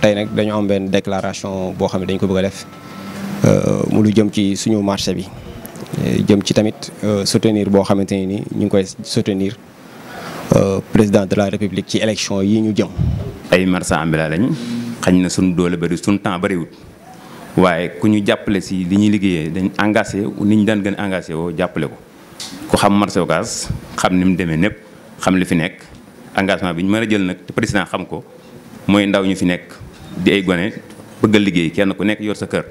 tey nag dañu am benn déclaration boo xam ne dañ ko bëgg a def euh, mu lu jëm ci suñu marché bi jëm ci tamit euh, soutenir boo xamante ne ni ñu ngi koy soutenir euh, président de la république ci élection yi ñu jëm. ay marchands ambulants lañ xañ na suñu doole bari suñu temps bariwul waaye ku ñu jàppale si li ñuy liggéeyee dañ engagé ni ñu daan gën a engagé woo jàppale ko ku xam marché xam ni mu demee népp xam li fi nekk engagement bi ñu mën a jël nag te président xam ko mooy ndaw ñu fi nekk. di ay gone bëgg liggéey kenn ku nekk yor sa kër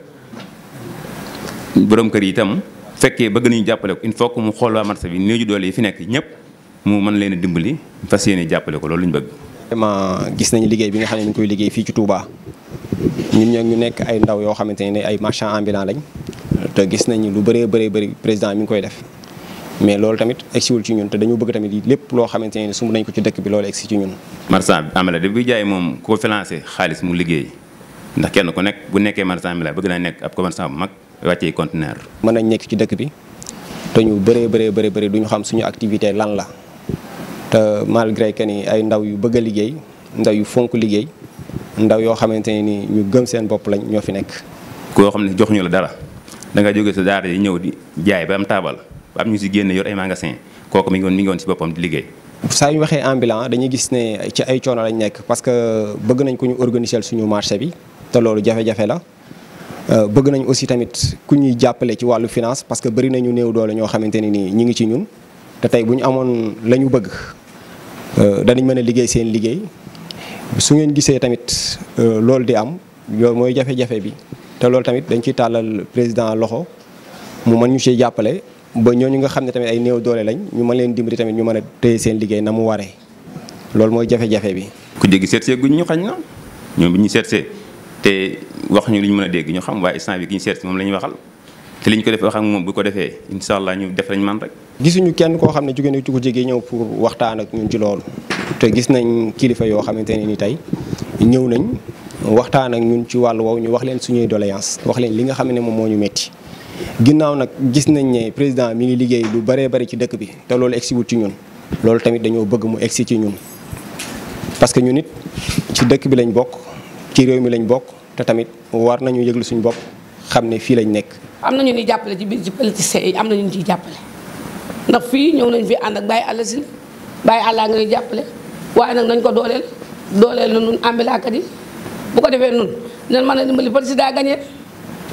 borom kër yi itam fekkee bëgg nañu jàppale ko il faut que mu xool waa marché bi néew ju doole yi fi nekk ñëpp mu mën leen a dimbali fas yéene jàppale ko loolu ñu bëgg. vraiment gis nañu liggéey bi nga xam ne ñu ngi koy liggéey fii ci Touba ñun ñoo ñu nekk ay ndaw yoo xamante ne ay marchand ambulant lañ te gis nañu lu bëree bëri bëri président mi ngi koy def. mais loolu tamit egsiwul ci ñun te dañoo bëgg tamit lépp loo xamante ne sumb nañ ko ci dëkk bi loolu egsi ci ñun. marchand ambulant buy jaay moom ku ko financé xaalis mu liggéey ndax kenn ku nekk bu nekkee marchand ambulant bëgg naa nekk ab commerçant bu mag wàccee conteneur. mën nañ nekk ci dëkk bi te bëree bëree bëri bëri du xam suñu activité lan la te malgré que ni ay ndaw yu bëgg a liggéey ndaw yu fonk liggéey ndaw yoo xamante ne ni ñu gëm seen bopp lañ ñoo fi nekk. koo xam ne jox ñu la dara da nga jóge sa daara yi ñëw di jaay ba am taabal. ba am ñu si génn yor ay magasin kooku mi ngi woon si boppam di liggéey. saa ñu waxee ambulant dañuy gis ne ci ay coono lañ nekk parce que bëgg nañ ku ñu organiser suñu marché bi te loolu jafe-jafe la euh, bëgg nañ aussi tamit ku ñuy jàppale ci wàllu finance parce que bëri nañu néew doole ñoo xamante ne nii ñu ngi ci ñun te tey bu ñu amoon la ñu bëgg euh, danañ mën a liggéey seen liggéey su ngeen gisee tamit euh, loolu di am loolu mooy jafe-jafe bi te loolu tamit dañ ciy tàllal président loxo mu mën ñu see jàppale. ba ñoo ñu nga xam ne tamit ay néew doole lañ ñu ma leen dimbali tamit ñu mën a téye seen liggéey na mu waree loolu mooy jafe-jafe bi. ku dégg seet see guñ ñu xañ na ñoom bi ñu seet see te waxuñu li ñu mën dégg ñu xam waaye instant bi ki ñu moom la ñuy waxal te li ko defee wax moom bu ko defee incha allah ñu def lañ man rek. gisuñu kenn koo xam ne jugee na ko ku ñëw pour waxtaan ak ñun ci loolu te gis nañ kilifa yoo xamante ne ni tey ñëw nañ waxtaan ak ñun ci wàllu woowu ñu wax leen suñuy doléance wax leen li nga xam ne moom moo ñu métti ginnaaw nag gis nañ ne président mi ngi liggéey lu bëree bëri ci dëkk bi te loolu egsi wut ci ñun loolu tamit dañoo bëgg mu egsi ci ñun parce que ñun it ci dëkk bi lañ bokk ci réew mi lañ bokk te tamit war nañu yëglu suñu bopp xam ne fii lañ nekk. am nañu ni jàppale ci biir ci politiciens yi am na ñu ciy jàppale ndax fii ñëw nañ fi ànd ak bàyyi àll si bàyyi àllaa ngay jàppale waaye nag nañ ko dooleel dooleel na nun ambilaakat bu ko defee nun dinañ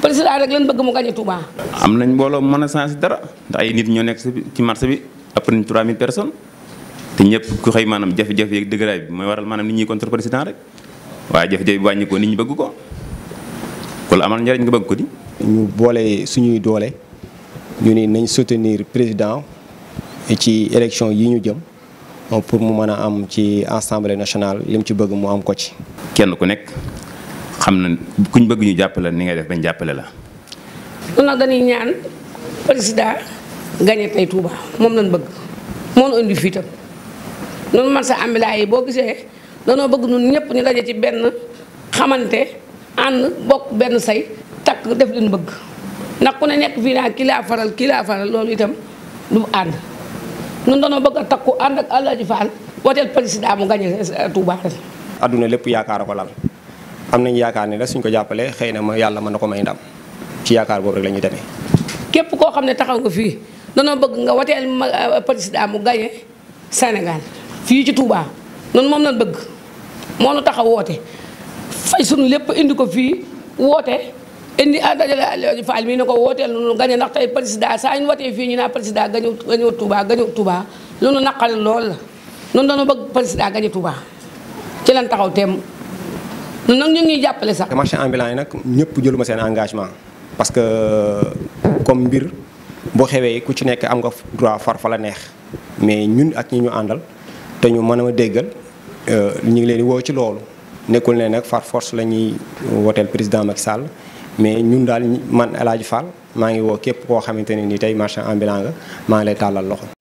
président rek leen bëgg mu gagné Touba. am nañ mbooloo mën a sens dara ndax ay nit ñoo nekk ci marché bi après nañ 3000 personnes te ñëpp ku xëy maanaam jafe-jafe yeeg dëgëraay bi mooy waral maanaam nit ñi contre président rek waaye jafe-jafe bi wàññi ko nit ñi bëgg ko kon amal njëriñ nga bëgg ko di. ñu boole suñuy doole ñu nii nañ soutenir président ci élection yi ñu jëm pour mu mën a am ci assemblée nationale li mu ci bëgg mu am ko ci. kenn ku nekk. xam na ku kuñ bëgg ñu jàppale ni nga def bañ jàppale la. ñun nag dañuy ñaan président gagné tey Touba moom lañ bëgg moo ñu indi fii tam noonu man sa ambilaay boo gisee danoo bëgg ñun ñëpp ñu daje ci benn xamante ànd bokk benn say takk def leen bëgg ndax ku ne nekk fii naa kii faral kii laa faral loolu itam du ànd ñun danoo bëgg a ku ànd ak Alaaji Fall woteel président mu gagné Touba. adduna lépp yaakaar ko lal am nañ yaakaar ne nag suñ ko jàppalee xëy na ma yàlla mën na ko may ndam ci yaakaar boobu rek la ñuy demee. képp koo xam ne taxaw nga fii danoo bëgg nga woteel ma euh, président mu gagné Sénégal fii ci tuubaa noonu moom na bëgg moo nu taxaw woote fay sunu lépp indi ko fii woote. indi a ah, dajale Aliou Fall mii ne ko wooteel lu nu gañe ndax tey président saa ñu watee fii ñu naa président gañu gañu Touba gañu Touba lu nu naqari lool la ñun dañu bëgg président gañu Touba ci ñun nag ñu ngi jàppale sax. marché ambulant nag ñëpp jëluma seen engagement parce que comme mbir boo xewee ku ci nekk am nga droit far fa la neex mais ñun ak ñi ñu àndal te ñu mën a déggal euh, ñu ngi leen di woo ci loolu nekkul ne nag far force la ñuy woteel président Macky Sall mais ñun daal man El Hadj Fall maa ngi woo képp koo xamante ne ni tey marchand ambulant maa ngi lay tàllal loxo.